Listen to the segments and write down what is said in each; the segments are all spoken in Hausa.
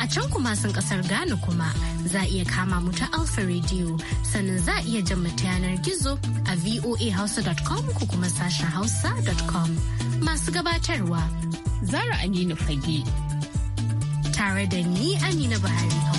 A can kuma sun kasar Ghana kuma za iya kama mu ta Alfa Radio sannan za iya jan mu ta yanar gizo a voahausa.com ko kuma sashen hausa.com. Masu gabatarwa. Zara Aminu Fage. Tare da ni Amina Buhari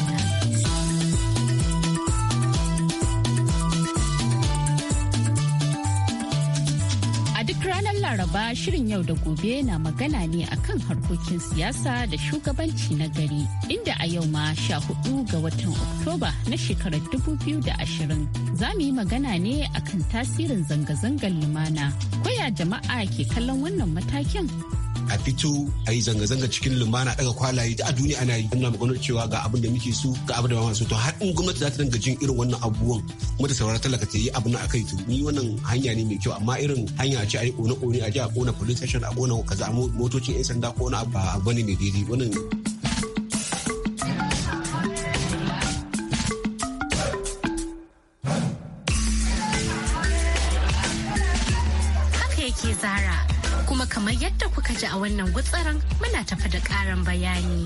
Duk ranar Laraba shirin yau da gobe na magana ne akan harkokin siyasa da shugabanci na gari inda a yau ma sha hudu ga watan Oktoba na shekarar dubu biyu da ashirin za mu yi magana ne akan tasirin zanga-zangar lumana. Koya jama'a ke kallon wannan matakin a fito a yi zanga-zanga cikin lumana daga kwalaye a duniya ana yi ana magana cewa ga abin da muke so ga abin da ba so to har in gwamnati za ta dinga jin irin wannan abubuwan kuma ta saurara talaka ta yi abu abin akai to ni wannan hanya ne mai kyau amma irin hanya ce a yi kone-kone a je a kona police station a kona kaza motocin 'yan sanda ko na abu ba ne mai daidai wannan kamar yadda kuka ji a wannan gutsaran muna tafa da ƙarin bayani.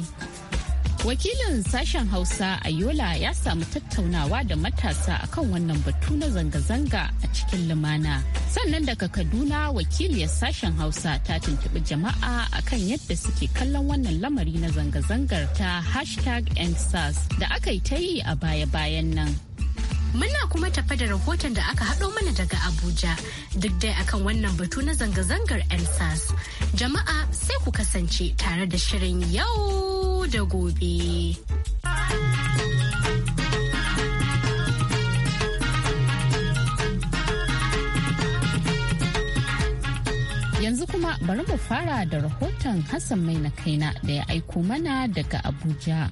Wakilin sashen Hausa a Yola ya samu tattaunawa da matasa akan wannan batu na zanga-zanga a cikin lumana. Sannan daga Kaduna wakiliyar sashen Hausa ta tuntuɓi jama'a akan yadda suke kallon wannan lamari na zanga-zangar ta hashtag da aka yi ta yi a baya-bayan nan. Muna kuma tafa da rahoton da aka haɗo mana daga Abuja duk dai akan wannan batu na zanga-zangar Elsas Jama'a sai ku kasance tare da shirin yau da gobe. Yanzu kuma bari mu fara da rahoton Hassan Mai na kaina da ya aiko mana daga Abuja.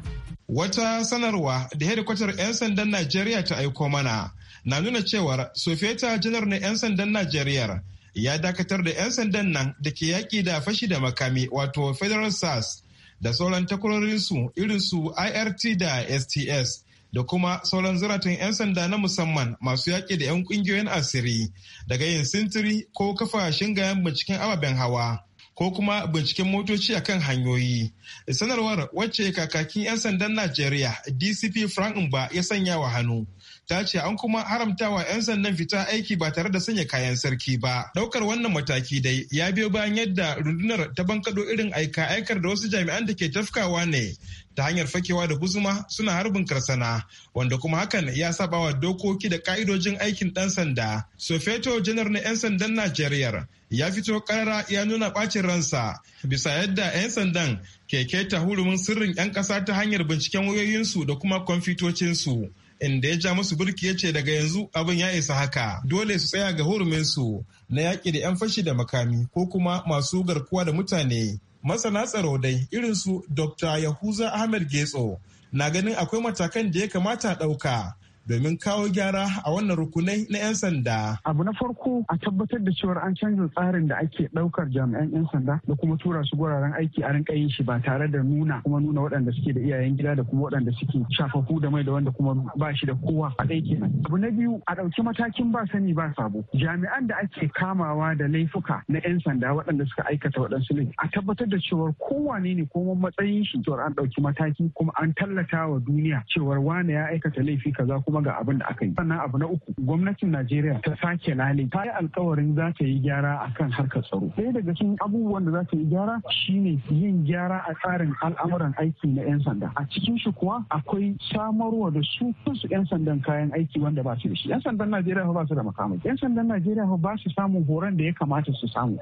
Wata sanarwa da hedikwatar 'yan sandan Najeriya ta aiko mana na nuna cewar Sofeta janar na 'yan sandan Najeriya ya dakatar da 'yan sandan nan da ke yaƙi da fashi da makami wato Federal SARS da sauran takwarorinsu irinsu IRT da STS da kuma sauran ziratun 'yan sanda na musamman masu yaƙi da 'yan ƙungiyoyin asiri daga yin sintiri ko kafa shingayen binciken ababen hawa. ko kuma binciken motoci a kan hanyoyi. Sanarwar wacce kakakin 'yan sandan Najeriya DCP Frank Mba ya sanya wa hannu. ta ce an kuma haramtawa 'yan sandan fita aiki ba tare da sanya kayan sarki ba daukar wannan mataki dai ya biyo bayan yadda rundunar ta bankado irin aika aikar da wasu jami'an da ke tafkawa ne ta hanyar fakewa da guzuma suna harbin karsana wanda kuma hakan ya saba wa dokoki da ka'idojin aikin dan sanda sofeto janar na 'yan sandan najeriya ya fito karara ya nuna bacin ransa bisa yadda 'yan sandan keke ta hurumin sirrin 'yan kasa ta hanyar binciken wayoyinsu da kuma kwamfitocinsu inda ya ja musu burki ya ce daga yanzu abin ya isa haka dole su tsaya ga huruminsu na yaƙi da 'yan fashi da makami ko kuma masu garkuwa da mutane masana tsaro dai irinsu dr yahuza ahmed getso na ganin akwai matakan da ya kamata a ɗauka domin kawo gyara a wannan rukunai na 'yan sanda. Abu na farko a tabbatar da cewar an canza tsarin da ake ɗaukar jami'an 'yan sanda da kuma tura su guraren aiki a rinka yin shi ba tare da nuna kuma nuna waɗanda suke da iyayen gida da kuma waɗanda suke shafafu da mai da wanda kuma ba shi da kowa a ɗai kenan. Abu na biyu a ɗauki matakin ba sani ba sabo. Jami'an da ake kamawa da laifuka na 'yan sanda waɗanda suka aikata waɗansu laifi a tabbatar da cewar kowane ne kuma matsayin shi cewar an ɗauki mataki kuma an tallata wa duniya cewar wane ya aikata laifi kaza kuma kuma ga abin da aka yi sannan abu na uku gwamnatin najeriya ta sake lale ta yi alkawarin za ta yi gyara akan harkar tsaro ɗaya daga cikin abubuwan da za ta yi gyara shine yin gyara a tsarin al'amuran aiki na 'yan sanda a cikin shi kuwa akwai samarwa da su kansu 'yan sandan kayan aiki wanda ba su da shi 'yan sandan najeriya ba su da makamai 'yan sandan najeriya ba su samun horon da ya kamata su samu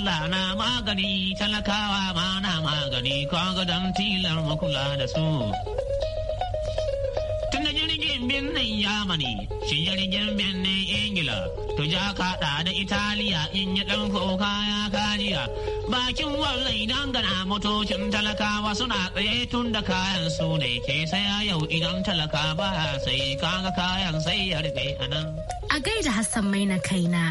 Allah na magani talakawa ma na magani kaga don tilar makula da su. Tun da jirgin birnin Yamani, shi jirgin birnin Ingila, to ja kaɗa da Italiya in yi ɗan kuka ya Bakin wallan idan gana motocin talakawa suna tsaye tun da kayan su ne ke saya yau idan talaka ba sai kaga kayan sai ya rufe a nan. a gaida Hassan Maina kaina.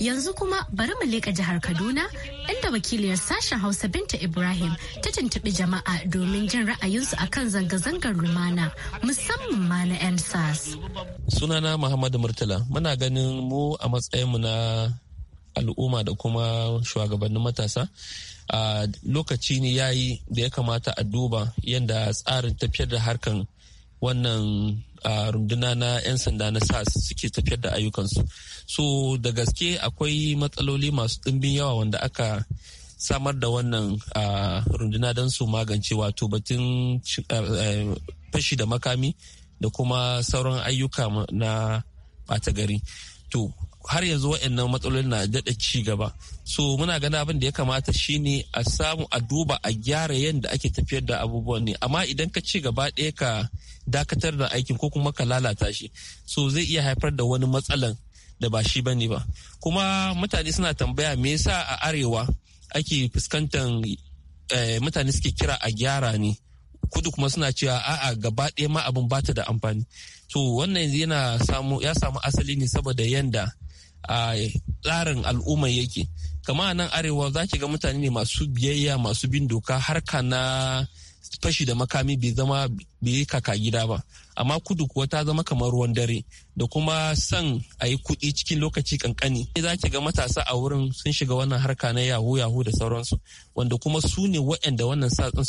Yanzu kuma bari mu leƙa jihar Kaduna inda wakiliyar sashen Hausa Binta Ibrahim ta tuntuɓi jama'a domin jin ra'ayinsu akan zanga-zangar lumana musamman ma na MSAS. Sunana Muhammadu Murtala muna ganin mu a matsayin mu na al'umma da kuma shugabannin matasa a lokaci ne yayi da ya kamata a duba yadda tsarin tafiyar da harkan wannan a runduna na 'yan sanda na sas suke tafiyar da ayyukansu so da gaske akwai matsaloli masu ɗimbin yawa wanda aka samar da wannan runduna don su magance wato batun fashi da makami da kuma sauran ayyuka na ɓata gari to har yanzu waɗannan matsalolin na daɗa ci gaba so muna gani abin da ya kamata shine a samu a duba a gyara yadda ake tafiyar da abubuwan ne amma idan ka ci gaba ɗaya ka dakatar da aikin ko kuma ka lalata shi so zai iya haifar da wani matsalan da ba shi bane ba kuma mutane suna tambaya me yasa a arewa ake fuskantar eh, mutane suke kira a gyara ne kudu kuma suna cewa a'a gaba ɗaya ma abin bata da amfani to wannan yana samu ya samu asali ne saboda yanda A tsarin al'umma yake kama nan arewa za ki ga mutane ne masu biyayya masu bin doka harka na fashi da makami bai zama bai kaka gida ba amma kudu kuwa ta zama kamar ruwan dare da kuma son a yi kuɗi cikin lokaci kankani za ki ga matasa a wurin sun shiga wannan harka na yahu yahu da sauransu wanda kuma su ne waɗanda wannan satsin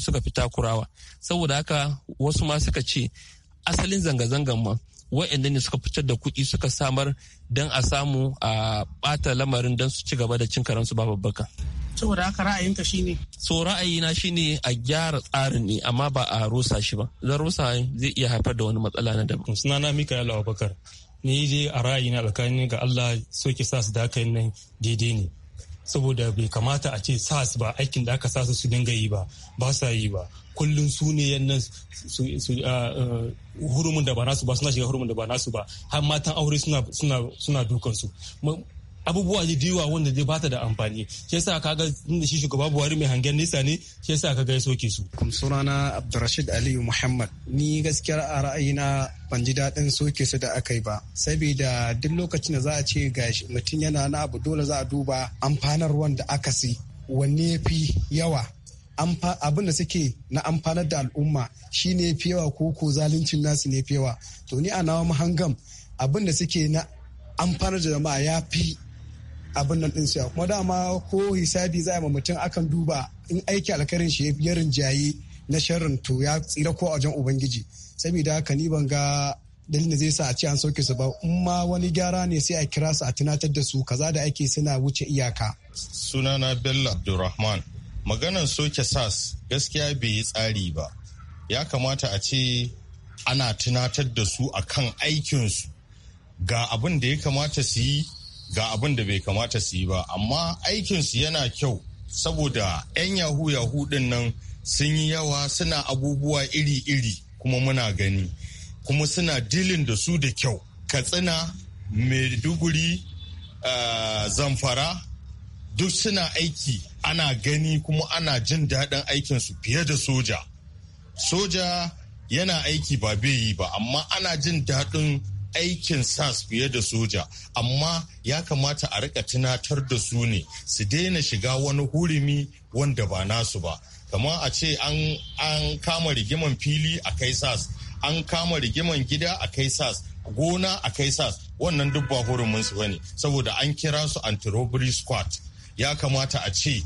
suka fi takurawa saboda haka wasu ma suka ce asalin zanga-zangan ma waɗanda ne suka fitar da kuɗi suka samar don a samu a ɓata lamarin don su ci gaba da cin karansu ba babbaka. saboda haka ra'ayinka shi shine so ra'ayina ne a gyara tsarin ne amma ba a rusa shi ba zan rusa zai iya haifar da wani matsala na daban mika yalawa abubakar ni je a ra'ayina tsakanin ga allah ki sa su da aka yi nan daidai ne saboda bai kamata a ce sas ba aikin da aka sa su su dinga yi ba ba sa yi ba kullum su ne yannan ah, ah, hurumin da ba nasu ba suna shiga hurumin da ba nasu ba har matan aure suna dukansu abubuwa da yawa wanda zai bata da amfani shi yasa kaga inda shi shugaba Buhari mai hangen nisa ne shi yasa kaga ya soke su kuma sunana Abdurrashid Aliyu Muhammad ni gaskiyar a ra'ayina ban ji daɗin soke su da aka yi ba saboda duk lokacin da za a ce gashi mutum yana na abu dole za a duba amfanarwan da aka si wanne fi yawa abin da suke na amfanar da al'umma shi ne fiyawa ko ko zaluncin nasu ne fiyawa to ni a nawa mahangam abin da suke na amfanar da jama'a ya fi abin nan ɗin kuma dama ko hisabi za a ma mutum akan duba in aiki alkarin shi ya rinjaye na sharrin to ya tsira ko a wajen ubangiji saboda haka ni ban ga dalilin da zai sa a ce an sauke su ba in ma wani gyara ne sai a kira su a tunatar da su kaza da ake suna wuce iyaka sunana bello abdulrahman maganan soke sas gaskiya bai yi tsari ba ya kamata a ce ana tunatar da su a kan aikinsu ga abin da ya kamata su yi ga abin da bai kamata su yi ba amma aikinsu yana kyau saboda 'yan yahu yahu din nan sun yi yawa suna abubuwa iri-iri kuma muna gani kuma suna dilin da su da kyau katsina maiduguri uh, zamfara duk suna aiki ana gani kuma ana jin daɗin aikinsu fiye da soja soja yana aiki ba bai yi ba amma ana jin daɗin aikin sas fiye da soja amma ya kamata a rika tunatar da su ne su daina shiga wani hurumi wanda ba nasu ba kamar a ce an kama rigiman fili a kai sas an kama rigiman gida a kai sas gona a kai sas wannan duk ba hurumin su ne, saboda an kira su anti-robbery squad ya kamata a ce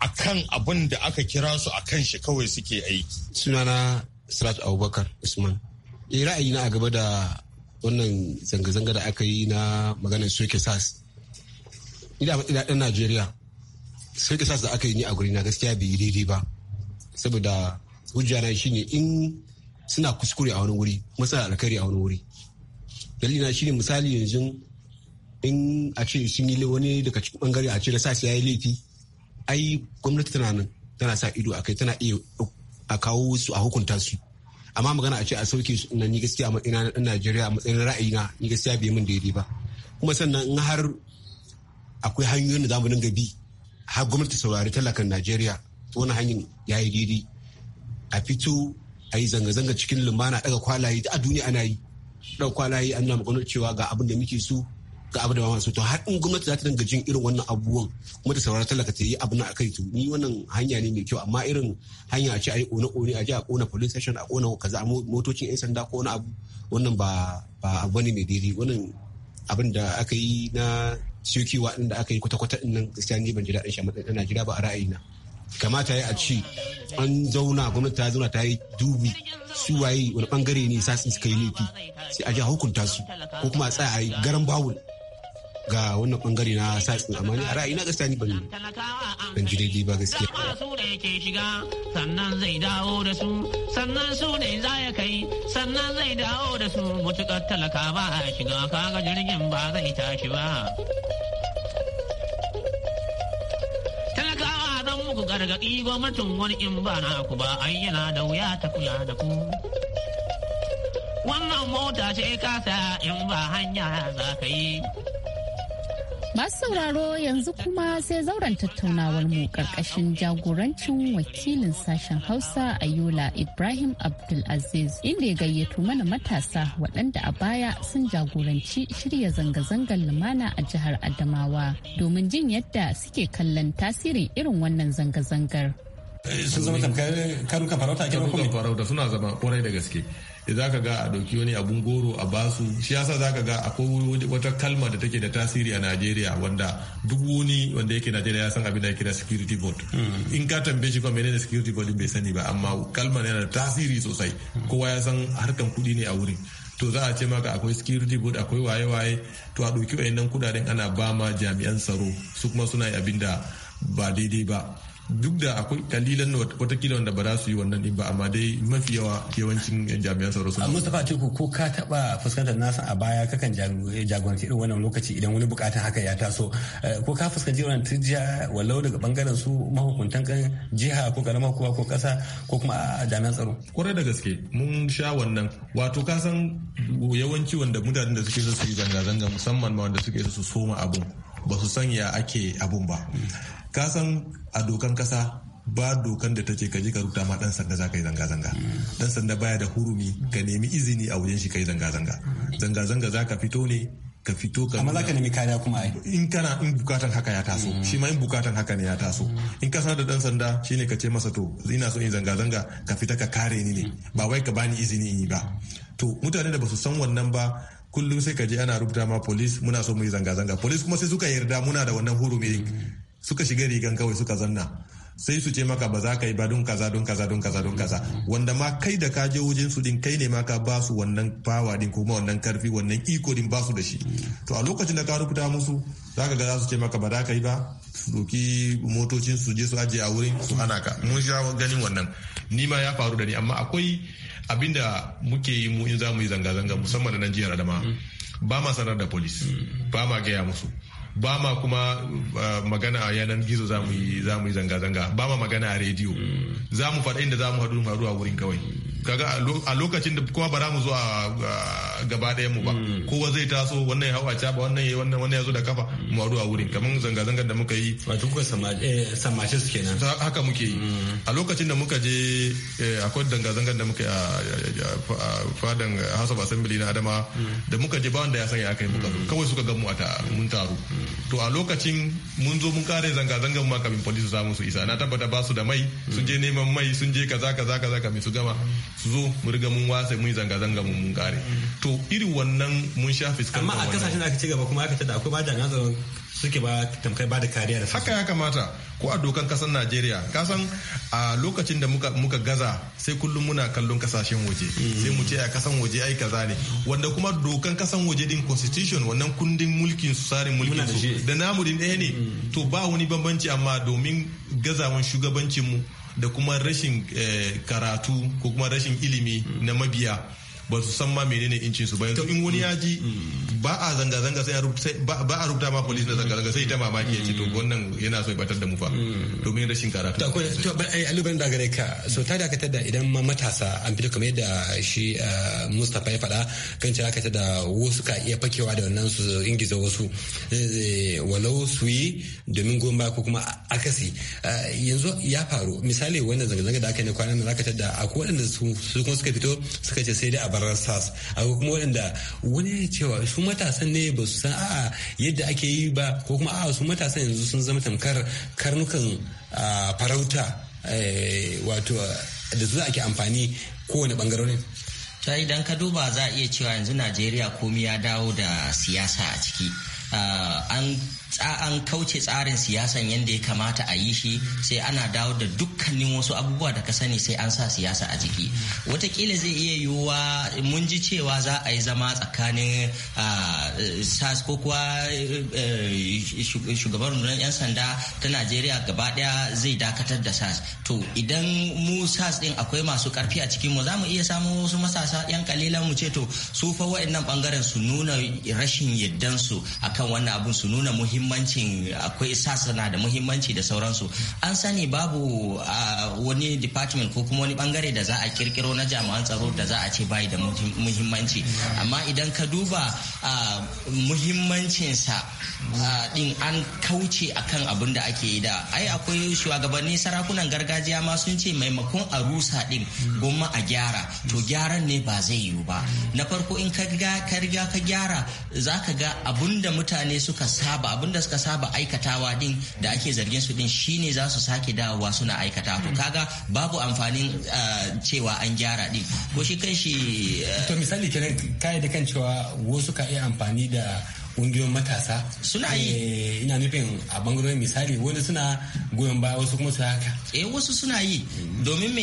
a kan abin da aka kira su kan shi kawai suke aiki sunana sirat abubakar usman e, ra'ayi na a gaba da wannan zanga-zanga da aka yi na maganar soke sas ina matsi daɗin najeriya soke sas da aka yi ni a guri na gaskiya bai yi daidai ba saboda hujja na shine in suna kuskure a wani wuri kuma suna alkari a wani wuri dalilina shine misali yanzu in a ce sun yi wani daga cikin bangare a ce da sa ya yi laifi ai gwamnati tana nan tana sa ido a kai tana iya a kawo su a hukunta su amma magana a ce a sauke su na ni gaskiya a matsayin na Najeriya a matsayin na ni gaskiya bai mun daidai ba kuma sannan in har akwai hanyoyin da zamu dinga bi har gwamnati saurari talakan Najeriya wani hanyar ya yi daidai a fito a yi zanga-zanga cikin lumana daga kwalaye a duniya ana yi daga kwalaye an na maganar cewa ga abin da muke so ga abu da ba to har in gwamnati za ta dinga jin irin wannan abubuwan kuma ta saurara talaka ta yi abu na akai to ni wannan hanya ne mai kyau amma irin hanya a ce a yi kone kone a je a kona police station a kona kaza motocin yan sanda ko wani abu wannan ba ba abu ne mai daidai wannan abin da aka yi na siyokiwa din da aka yi kwata-kwata din nan gaskiya ni ban ji daɗin shi na jira ba a ra'ayina kamata ya a ci an zauna gwamnati ta zauna ta yi dubi su waye wani bangare ne sasin suka yi laifi sai a ji hukunta su ko kuma a tsaya a yi garan bawul ga wannan bangare na satsin amma a ra'ayi na gaskiya ni ban ban ji daidai ba gaskiya ba su da yake shiga sannan zai dawo da su sannan su ne za ya kai sannan zai dawo da su mutukar talaka ba a shiga kaga jirgin ba zai tashi ba talakawa zan muku gargaɗi gwamnatin wani in ba na ku ba ai yana da wuya ta kula da ku wannan mota ce kasa in ba hanya za ka yi Masu sauraro yanzu kuma sai zauren tattaunawar mu karkashin jagorancin wakilin sashen Hausa ayola Ibrahim Abdulaziz inda ya gayyato mana matasa waɗanda a baya sun jagoranci shirya zanga-zangar lumana a jihar Adamawa domin jin yadda suke kallon tasirin irin wannan zanga-zangar. sun zama tamkar farauta kuma da gaske da zaka ga a ɗauki wani abun goro a basu shi yasa zaka ga akwai wata kalma da take da tasiri a Najeriya wanda duk wani wanda yake Najeriya ya san abin da yake da security board hmm. in ka tambaye shi kuma menene security board bai sani ba amma kalmar yana da tasiri sosai hmm. kowa ya san harkan kuɗi ne a wurin to za a ce maka akwai security board akwai waye-waye to a ɗauki wayannan kudaden ana ba ma jami'an tsaro su kuma suna yi abin da ba daidai ba duk da akwai kalilan watakila wanda ba za su yi wannan din ba amma dai mafi yawa yawancin jami'an tsaro sun Mustapha atiku ko ka taɓa fuskantar nasa a baya kakan jagoranci irin wannan lokaci idan wani bukatan haka ya taso eh, ko ka fuskanci wannan turjiya walau daga bangaren su mahukuntan kan jiha ko karama kowa ko kasa ko kuma a jami'an tsaro. Kwarai da gaske mun sha wannan wato ka san yawanci wanda mutanen da suke so su yi zanga-zanga musamman ma wanda suke so su soma abun ba su sanya ake abun ba. ka san a dokan kasa ba dokan da take kaji ka rubuta ma dan sanda za ka yi zanga-zanga dan sanda baya da hurumi ka nemi izini a wajen shi ka yi zanga-zanga zanga-zanga za ka fito ne ka fito ka amma za ka nemi kariya kuma ai in kana in bukatan haka ya taso shi ma in bukatan haka ne ya taso in ka sanar da dan sanda shi ne ka ce masa to ina so in zanga-zanga ka fita ka kare ni ne ba wai ka bani izini in yi ba to mutane da ba su san wannan ba kullum sai ka je ana rubuta ma police muna so mu yi zanga-zanga police kuma sai suka yarda muna da wannan hurumi suka shiga rigan kawai suka zanna sai su ce maka ba za ka yi ba don kaza don kaza don kaza don kaza wanda ma kai da ka je wajen su din kai ne ma ka ba su wannan fawa din kuma wannan karfi wannan iko din ba su da shi to a lokacin da ka rubuta musu za ka ga za su ce maka ba za ka yi ba su doki motocin su je su aje a wurin su hana ka mun sha ganin wannan ni ma ya faru da ni amma akwai abinda muke yi mu in za mu yi zanga-zanga musamman na nan jihar adama mm. ba ma sanar da polis mm. ba ma gaya musu ba ma kuma magana a yanar gizo za mu yi zanga-zanga ba ma magana a rediyo mm. za mu faɗa inda za mu haɗu mu a wurin kawai kaga a lokacin da kowa ba za mu zo a gaba ɗaya mu ba hmm. kowa zai taso wannan ya hau a caba wannan ya wannan wannan ya zo da kafa mu haɗu a wurin kamar zanga zangar da muka yi wato kuka samashe eh, su kenan haka muke yi hmm. a lokacin da muka je eh, akwai zanga zangar da muka yi a fadan House of Assembly na Adama hmm. da muka je ba wanda ya sanya aka yi muka kawai suka gan mu a mun taru to a lokacin mun zo mun kare zanga zangar ma kamin police su samu su isa na tabbata ba su da mai sun je neman mai sun je kaza kaza kaza kamin su gama zo mu riga mun wasa mun zanga zanga mun kare to irin wannan mun sha fuskar amma a kasashen da aka ci gaba kuma aka ce da akwai ba da nazarin suke ba tamkai ba da kariya da haka ya kamata ko a dokan kasar Najeriya kasan a lokacin da muka muka gaza sai kullum muna kallon kasashen waje sai mu ce a kasan waje ai kaza ne wanda kuma dokan kasan waje din constitution wannan kundin mulkin su sare mulkin su da namu din ɗaya ne to ba wani bambanci amma domin gazawan shugabancin mu da kuma rashin eh, karatu ko kuma rashin ilimi na mabiya ba su san ma menene incin su ba yanzu in wani ya ji ba a zanga zanga sai ba a rubuta ma police na zanga zanga sai ta mamaki ya ce to wannan yana so ya batar da mu fa mm. domin rashin karatu to ba ai eh, alubar da gare ka so ta dakata da idan ma matasa an fito kamar yadda shi eh, Mustapha ya fada. kan cewa ka da wasu ka iya fakewa da wannan su ingiza wasu eh, walau su yi domin goma ko kuma akasi yanzu ya faru misali wannan zanga zanga da aka ne kwanan da zaka tada akwai wanda su kuma suka fito suka ce sai dai a kamar sas akwai kuma waɗanda wani ya cewa su matasan ne ba su san a'a yadda ake yi ba ko kuma a'a su matasan yanzu sun zama tamkar karnukan farauta eh, wato da su ake amfani kowane bangarorin ta idan ka duba za a iya cewa yanzu najeriya komi ya dawo da siyasa a ciki ah, an an kauce tsarin siyasan yadda ya kamata a yi shi sai ana dawo da dukkanin wasu abubuwa da ka sani sai an sa siyasa a jiki watakila zai iya yiwuwa mun ji cewa za a yi zama tsakanin sas ko kuwa eh, eh, shugaban rundunar 'yan sanda ta najeriya gaba daya zai dakatar da sas to idan mu sas din akwai masu karfi a cikin mu za mu iya samun wasu matasa 'yan kalilan mu ce to su fa wa'annan bangaren su nuna rashin yaddansu akan wannan abun su nuna muhimmanci muhimmancin akwai sasana da muhimmanci da sauransu an sani babu wani department ko kuma wani bangare da za a kirkiro na jami'an tsaro da za a ce bai da muhimmanci amma idan ka duba muhimmancinsa din an kauce akan abin da ake yi da ai akwai shugabanni sarakunan gargajiya ma sun ce maimakon a rusa din goma a gyara to gyaran ne ba zai yiwu ba na farko in ka riga ka gyara za ka ga abin da mutane suka saba wanda suka saba aikatawa din da ake zargin su din shine za su sake dawowa suna aikata to kaga babu amfanin eh, cewa an gyara din ko shi kan shi eh, to misali kenan kai da kan cewa wasu ka iya amfani da ƙungiyoyin matasa suna yi eh, ina nufin a bangarorin misali wani suna goyon baya wasu kuma su haka eh wasu suna yi mm-hmm. domin me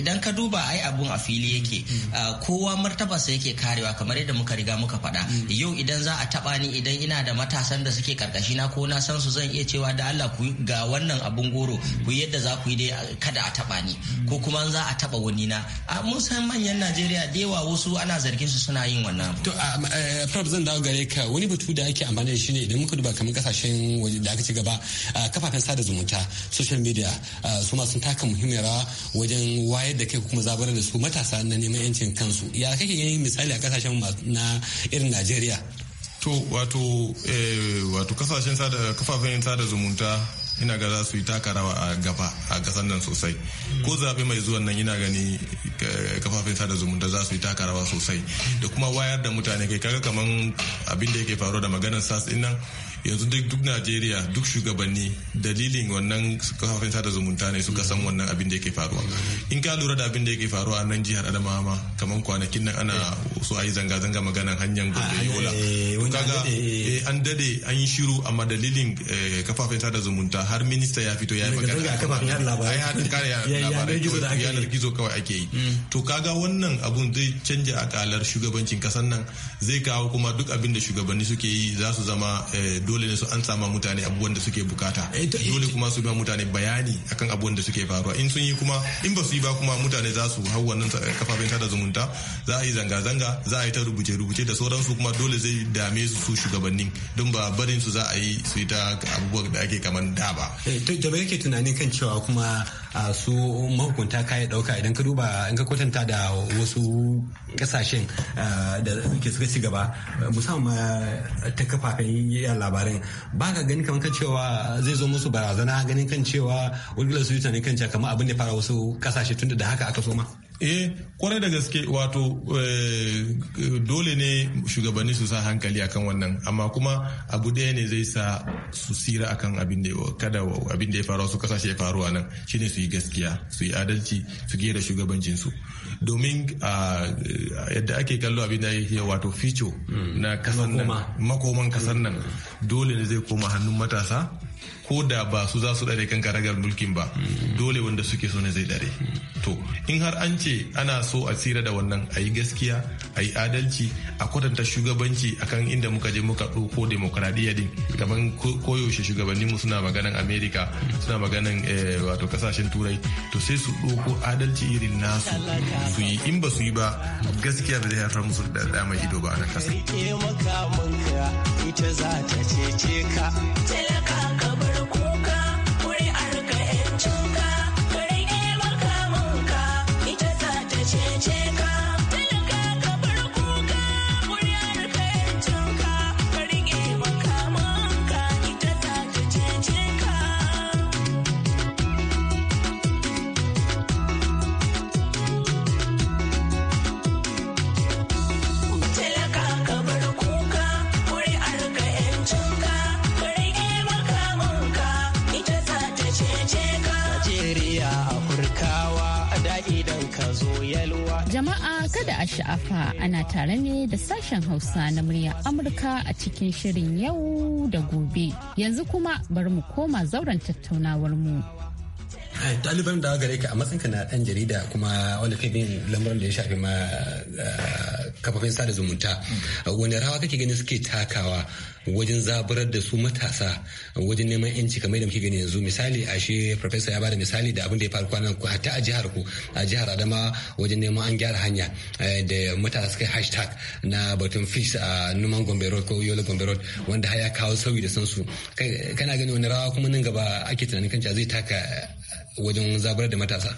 idan ka duba ai abun a fili yake mm-hmm. ah, kowa martaba sa yake karewa kamar yadda muka riga muka faɗa mm-hmm. yau idan za a taba ni idan ina da matasan da suke karkashi na ko na san su zan iya cewa da Allah ku ga wannan abun goro ku yadda za ku yi dai kada a taba ni ko kuma za a taba wani na mun san manyan Najeriya da yawa wasu ana zargin su suna yin wannan to eh, prof zan dawo gare ka wani batu da ake amfani da shi ne idan muka duba kamar kasashen waje da aka ci gaba kafafen sada zumunta social media su ma sun taka muhimmiyar rawa wajen wayar da kai kuma zabar da su matasa na neman yancin kansu ya kake yin misali a kasashen na irin Najeriya to wato eh, wato kasashen sada kafafen sada zumunta ina ga za su yi taka rawa a gaba a kasar nan sosai ko zaɓe mai zuwan nan ina gani eh, kafafen sada zumunta za su yi taka rawa sosai da kuma wayar da mutane kai kaga kaman abin da yake faruwa da maganar sas din nan yanzu duk duk najeriya duk shugabanni dalilin wannan kafafen sada zumunta ne suka san wannan abin da yake faruwa in ka lura da abin da yake faruwa a nan jihar adamawa ma kamar kwanakin nan ana so a yi zanga-zanga maganan hanyar gobe ah, yola eh, eh, an dade an yi shiru amma dalilin eh, kafafen sada zumunta har minista ya fito ya yi magana ai yanar gizo kawai ake yi hmm. to kaga wannan abun zai canja akalar shugabancin kasan nan zai kawo kuma duk abin da shugabanni suke yi za su zama dole dole ne su an sama mutane abubuwan da suke bukata eh, eh, dole kuma su ba mutane bayani akan abubuwan da suke faruwa in sun yi kuma in ba su yi ba kuma mutane za su hau wannan kafafen sada zumunta za a yi zanga-zanga za a yi ta rubuce-rubuce da sauran su kuma dole zai dame su su shugabannin don ba barin su za a yi su yi ta abubuwan da ake kamar da ba. Eh, to da yake tunanin kan cewa kuma su mahukunta kaya dauka idan ka duba in ka kwatanta da wasu kasashen eh, da ke suka ci gaba musamman eh, ta kafafen yaya labarin ba ka gani kamar kan cewa zai zo musu barazana ganin kan cewa wani su ne kan cewa kamar abin da fara wasu kasashe tunda da haka aka soma. eh kwarai da gaske wato eh, dole ne shugabanni su sa hankali akan wannan amma kuma abu ɗaya ne zai sa su sira akan abin da kada abin ya faru su kasashe ya faru nan shine su yi gaskiya su yi adalci su gera shugabancinsu su domin yadda ake kallo abin da ya wato fico hmm. na kasan nan makoman kasan nan hmm. dole ne zai koma hannun matasa ko da ba su za su dare kan karagar mulkin ba dole wanda suke so ne zai dare to in har an ce ana so a tsira da wannan a yi gaskiya a yi adalci a kwatanta shugabanci akan inda muka je muka ɗauko demokradiyya din gaban koyaushe shugabannin mu suna maganan amerika suna maganan eh, wato kasashen turai to sai su ɗauko adalci irin nasu su yi in ba su yi ba gaskiya ba zai haifar musu da dama ido ba a nan kasa. cece ka. da a ana tare ne da sashen Hausa na muryar Amurka a cikin shirin yau da gobe. Yanzu kuma bari mu koma zauren tattaunawar mu. Ɗaliban da gare ka a matsinka na ɗan jarida kuma wanda kai bin lamarin da ya shafi ma eh, kafafen sada zumunta wani rawa kake gani suke takawa wajen zaburar da su matasa wajen neman yanci kamar da muke gani yanzu misali a shi professor ya bada misali da abin da ya faru kwanan ku hatta a jihar ku a jihar Adama wajen neman an gyara hanya eh, da matasa suka hashtag na batun fish a numan Gombe Road ko Yola Gombe Road wanda haya kawo sauyi da sansu kana gani wani rawa kuma nan gaba ake tunanin kanta zai taka wajen zaburar da matasa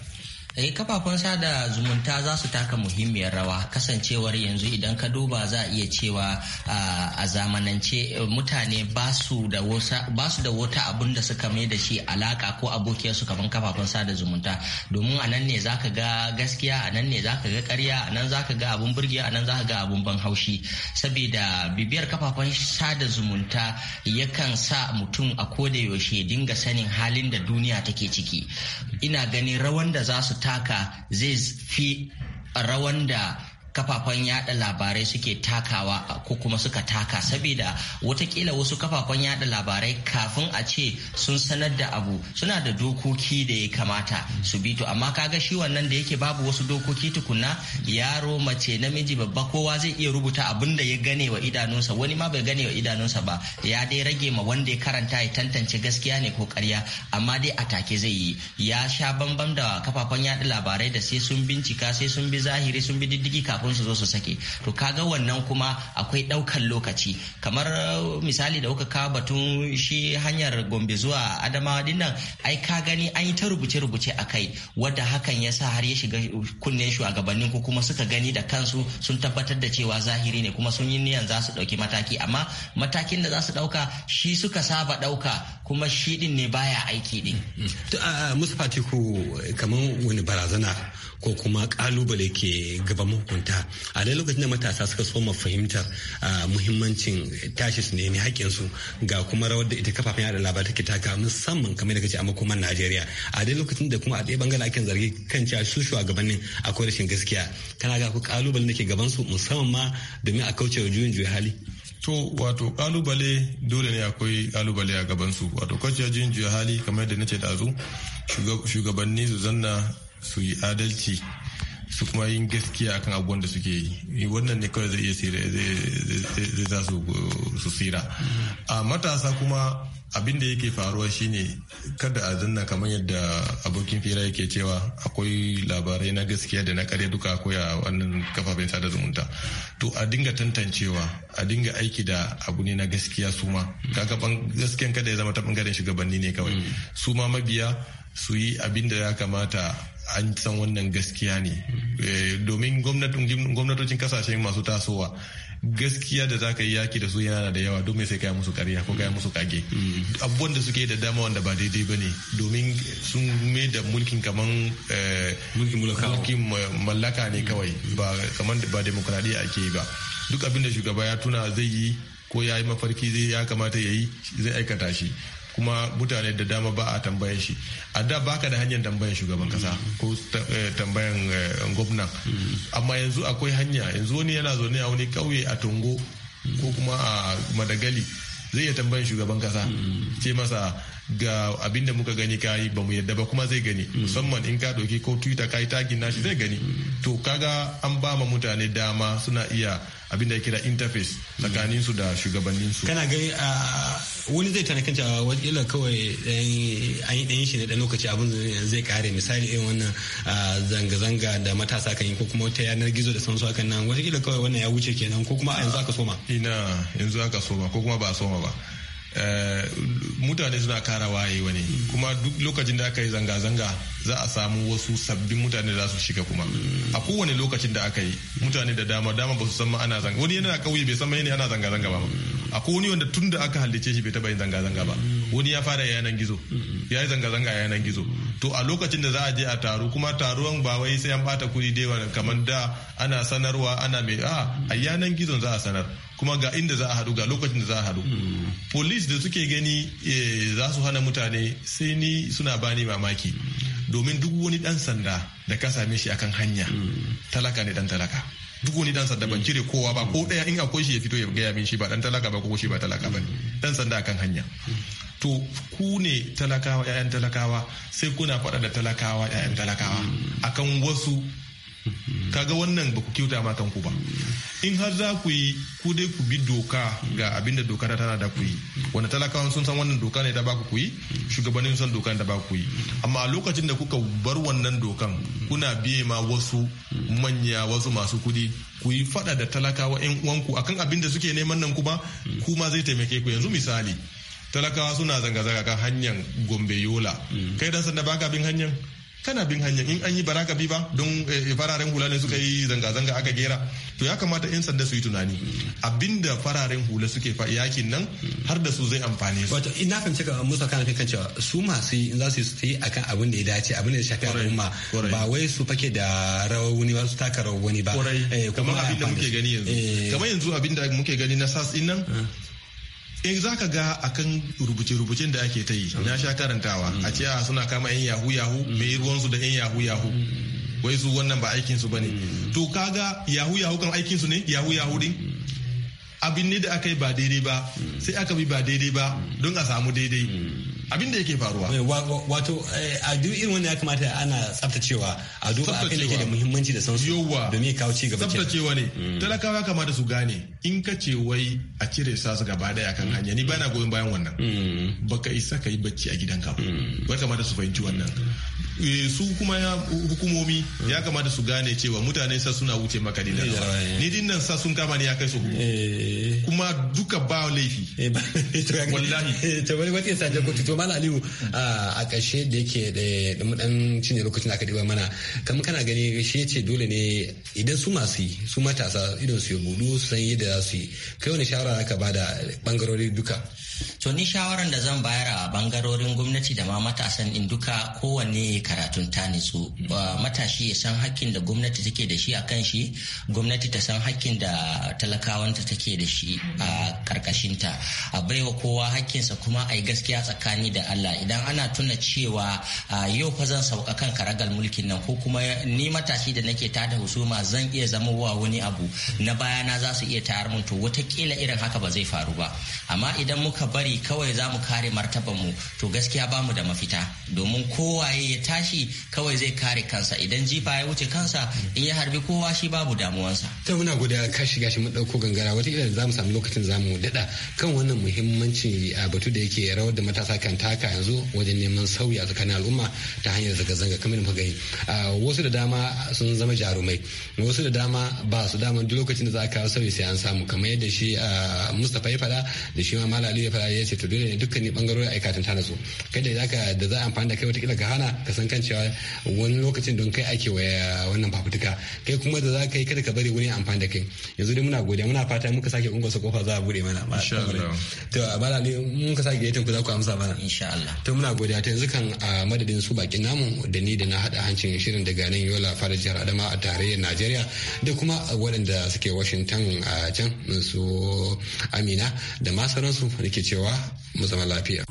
Eh kafafen sada zumunta za su taka muhimmiyar rawa kasancewar yanzu idan ka duba za iya cewa a zamanance eh, mutane ba su da wata abun da suka mai da shi alaka ko abokiyar su kamar kafafen sada zumunta domin a nan ne za ka ga gaskiya a nan ne za ka ga karya a nan za ka ga abun burgiya a nan za ka ga abun ban haushi saboda bibiyar kafafen sada zumunta yakan sa mutum a koda yaushe dinga sanin halin da duniya take ciki ina ganin rawan da za su taka zai fi rawan da kafafen yada labarai suke takawa ko kuma suka taka saboda watakila wasu kafafen yada labarai kafin a ce sun sanar da abu suna da dokoki da ya kamata su bi to amma kaga shi wannan da yake babu wasu dokoki tukunna yaro mace namiji babba kowa zai iya rubuta abin da ya gane wa idanunsa wani ma bai gane wa idanunsa ba ya dai rage ma wanda ya karanta ya tantance gaskiya ne ko karya amma dai a take zai yi ya sha bambam da kafafen yada labarai da sai sun bincika sai sun bi zahiri sun bi diddigi kafin su zo su sake to kaga wannan kuma akwai ɗaukan lokaci kamar uh, misali da kuka kawo batun shi hanyar gombe zuwa adamawa nan ai ka gani an yi ta rubuce-rubuce a kai wadda hakan ya sa har ya shiga kunnen shugabannin ko kuma suka gani da kansu sun tabbatar da cewa zahiri ne kuma sun yi niyan za su ɗauki mataki amma matakin da za su ɗauka shi suka saba ɗauka kuma shi ɗin ne baya aiki din. Mm-hmm. Uh, Mustapha Tiku kamar wani barazana ko kuma kalubale ke gaban mahukunta a dai lokacin da matasa suka soma fahimtar muhimmancin tashi su nemi haƙƙinsu ga kuma rawar da ita kafafen yada labarai take taka musamman kamar da kace a makoman Najeriya a dai lokacin da kuma a ɗaya bangare akan zargi kan cewa su shugabannin akwai rashin gaskiya kana ga ku kalubale da ke gaban su musamman ma domin a kauce wa juyin juya hali to wato kalubale dole ne akwai kalubale a gaban su wato kwaciyar juyin juya hali kamar yadda ce dazu shugabanni su zanna su yi adalci su kuma yin gaskiya akan abubuwan da suke yi eh, wannan ne kawai zai iya zai za su mm. a matasa kuma abin da yake faruwa shine kada a zanna kamar yadda abokin fira yake cewa akwai labarai na gaskiya da na karya duka akwai a wannan kafafen sada zumunta to a dinga tantancewa a dinga aiki da abu ne na gaskiya su ma gaskiyan kada ya zama ta bangaren shugabanni ne kawai mm. su mabiya su yi abin da ya kamata an san wannan gaskiya ne mm. eh, domin gwamnatocin kasashen masu tasowa gaskiya da za ka yi yaki da su yana da yawa domin sai kai musu kariya ko kai musu kage mm. abubuwan da suke da dama wanda ba daidai ba ne domin sun mai da mulkin kaman eh, mulkin mallaka ne kawai mm. ba kaman ba demokradiyya ake ba duk abin da shugaba ya tuna zai yi ko ya yi mafarki zai ya kamata ya yi zai aikata shi kuma mutane da dama ba a tambaye shi a da baka da hanyar tambayar shugaban kasa ko eh, tambayan eh, gwamna amma yanzu akwai hanya yanzu wani yana zaune a wani kauye a tongo ko kuma a madagali zai iya tambayar shugaban kasa ce masa ga abin da muka gani kayi ba mu yadda ba kuma zai gani musamman in ka dauki ko twitter kayi tagin nashi zai gani to kaga an ba ma mutane dama suna iya abinda ya kira interface tsakanin su da shugabannin su kana gani wani zai tana kanta wakila kawai an yi ɗanyen shi na ɗan lokaci abin zai kare misali irin wannan zanga-zanga da matasa kan yi ko kuma wata yanar gizo da sansu hakan nan wakila kawai wannan ya wuce kenan ko kuma a yanzu aka soma ina yanzu aka soma ko kuma ba a soma ba Eh, mutane suna kara wayewa ne kuma duk lokacin da aka yi zanga-zanga za a samu wasu sabbin mutane da za su shiga kuma a kowane lokacin da aka yi mutane da dama dama ba su san ma ana zanga wani yana kauye bai san ma yana zanga-zanga ba akwai wani wanda tun da aka halice shi bai taba yin zanga-zanga ba wani ya fara yanan gizo ya yi zanga-zanga yanan gizo to a lokacin da za a je a taro kuma taruwan ba wai sai an bata kuɗi da kamar da ana sanarwa ana mai ah, a a yanan gizon za a sanar kuma ga inda za a haɗu ga lokacin da za a haɗu police da suke gani eh, za su hana mutane sai ni suna bani mamaki domin duk wani dan sanda da ka same shi akan hanya talaka ne dan talaka duk wani dan sanda ban cire kowa ba ko daya in akwai shi ya fito ya gaya min shi ba dan talaka ba ko shi ba talaka ba dan sanda akan hanya to ku ne talakawa 'ya'yan talakawa sai kuna faɗa da talakawa 'ya'yan talakawa akan wasu kaga wannan ba ku kyauta ma kanku ba in har za ku yi ku dai ku bi doka ga abinda da doka tana da ku yi wanda talakawan sun san wannan doka ne da ba ku yi shugabannin san doka da ba ku yi amma a lokacin da kuka bar wannan dokan kuna biye ma wasu manya wasu masu kudi ku yi fada da talakawa yan uwanku akan abin da suke neman nan kuma kuma zai taimake ku yanzu misali talakawa suna zanga-zanga kan hanyar gombe yola kai dan sanda baka bin hanyar kana bin hanyar in an yi baraka bi ba don eh, fararen hula ne suka yi zanga-zanga aka gera to ya kamata 'yan sanda su yi tunani abinda fararen hula suke yakin nan har da su zai amfane su wato ina fahimci ka musa kana kan cewa su masu yi za su yi akan abin da ya dace abin da ya shafi al'umma ba wai su fake da rawuni wani ba su taka rawuni wani ba eh, kamar abin da muke gani yanzu eh. kamar yanzu abin da muke gani na sas din nan eh za ka ga akan rubuce-rubucen da ake ta yi na sha karantawa mm. a ce ah, suna kama yan yahu yahu mai mm. ruwansu da yan yahu yahu mm. wai su wannan ba aikin su bane to kaga yahu yahu kan aikin su ne yahu yahu din abin ne da aka yi ba daidai ba sai aka bi ba daidai ba don a samu daidai abin da yake faruwa eh, wato eh, a duk irin wanda ya kamata ana tsaftacewa a duk abin da ke da muhimmanci da sansu da domin kawo ci gaba tsaftacewa ne mm. talakawa kamata su gane in ka ce wai a cire su gaba daya kan mm. hanya ni bana goyon bayan wannan mm. baka isa ka yi bacci a gidan ka ba kamata su fahimci wannan eh, su kuma ya hukumomi ya kamata su gane cewa mutane sa suna wuce maka ne ni din nan sa sun kama ni ya kai su kuma duka ba laifi wallahi ta wani wata sa jago mala aliyu a ƙarshe da yake da dan cinye lokacin da aka diba mana kamar kana gani shi ce dole ne idan su masu yi su matasa idan su yi budu su san yadda za su yi kai wani shawara aka ba da bangarori duka to ni shawaran da zan bayar a bangarorin gwamnati da ma matasan in duka kowanne karatun ta nitsu matashi ya san hakkin da gwamnati take da shi a kan shi gwamnati ta san hakkin da talakawanta take da shi a karkashinta a baiwa kowa hakkinsa kuma a yi gaskiya tsakani tsakani da Allah idan ana tuna cewa yau fa zan sauka kan karagal mulkin nan ko kuma ni matashi da nake tada husuma zan iya zama wa wani abu na baya za su iya tayar mun to kila irin haka ba zai faru ba amma idan muka bari kawai za mu kare mu to gaskiya ba mu da mafita domin kowaye ya tashi kawai zai kare kansa idan jifa ya wuce kansa in ya harbi kowa shi babu damuwansa. to muna godiya ka shiga shi mu ɗauko gangara wata za mu samu lokacin za mu daɗa kan wannan muhimmanci a batu da yake rawar da matasa kan taka yanzu wajen neman sauyi a tsakanin al'umma ta hanyar zanga-zanga kamar muka gani wasu da dama sun zama jarumai wasu da dama ba su dama duk lokacin da za a kawo sauyi sai an samu kamar yadda shi Mustapha ya faɗa da shi ma Malam Ali ya faɗa ya ce to dole ne dukkanin bangarorin aikatan ta nazo kai da da za a amfani da kai wata kila ka hana ka san kan cewa wani lokacin don kai ake wa eh, wannan fafutuka kuma da za ka yi kada ka bari wani amfani da kai yanzu dai muna godiya muna fata muka sake kungosa kofa za a bude mana to a bala ne mun sake ku za ku amsa mana insha Allah to muna godiya ta yanzu kan a madadin su bakin namu da ni da na hada hancin shirin daga nan Yola fara jihar Adama a tarayyar Najeriya da kuma waɗanda suke Washington a can su Amina da masaransu da ke cewa mu zama lafiya.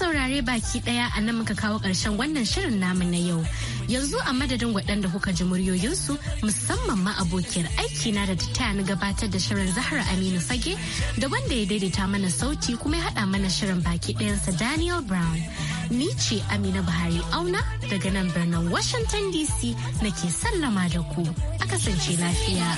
saurare baki daya a nan muka kawo ƙarshen wannan shirin namu na yau. Yanzu a madadin waɗanda kuka ji muryoyinsu musamman ma abokiyar aiki na da ta na gabatar da shirin Zahra Aminu Fage da wanda ya daidaita mana sauti kuma ya haɗa mana shirin baki ɗayansa Daniel Brown. Ni ce Amina Buhari Auna daga nan birnin Washington DC nake sallama da ku. A kasance lafiya.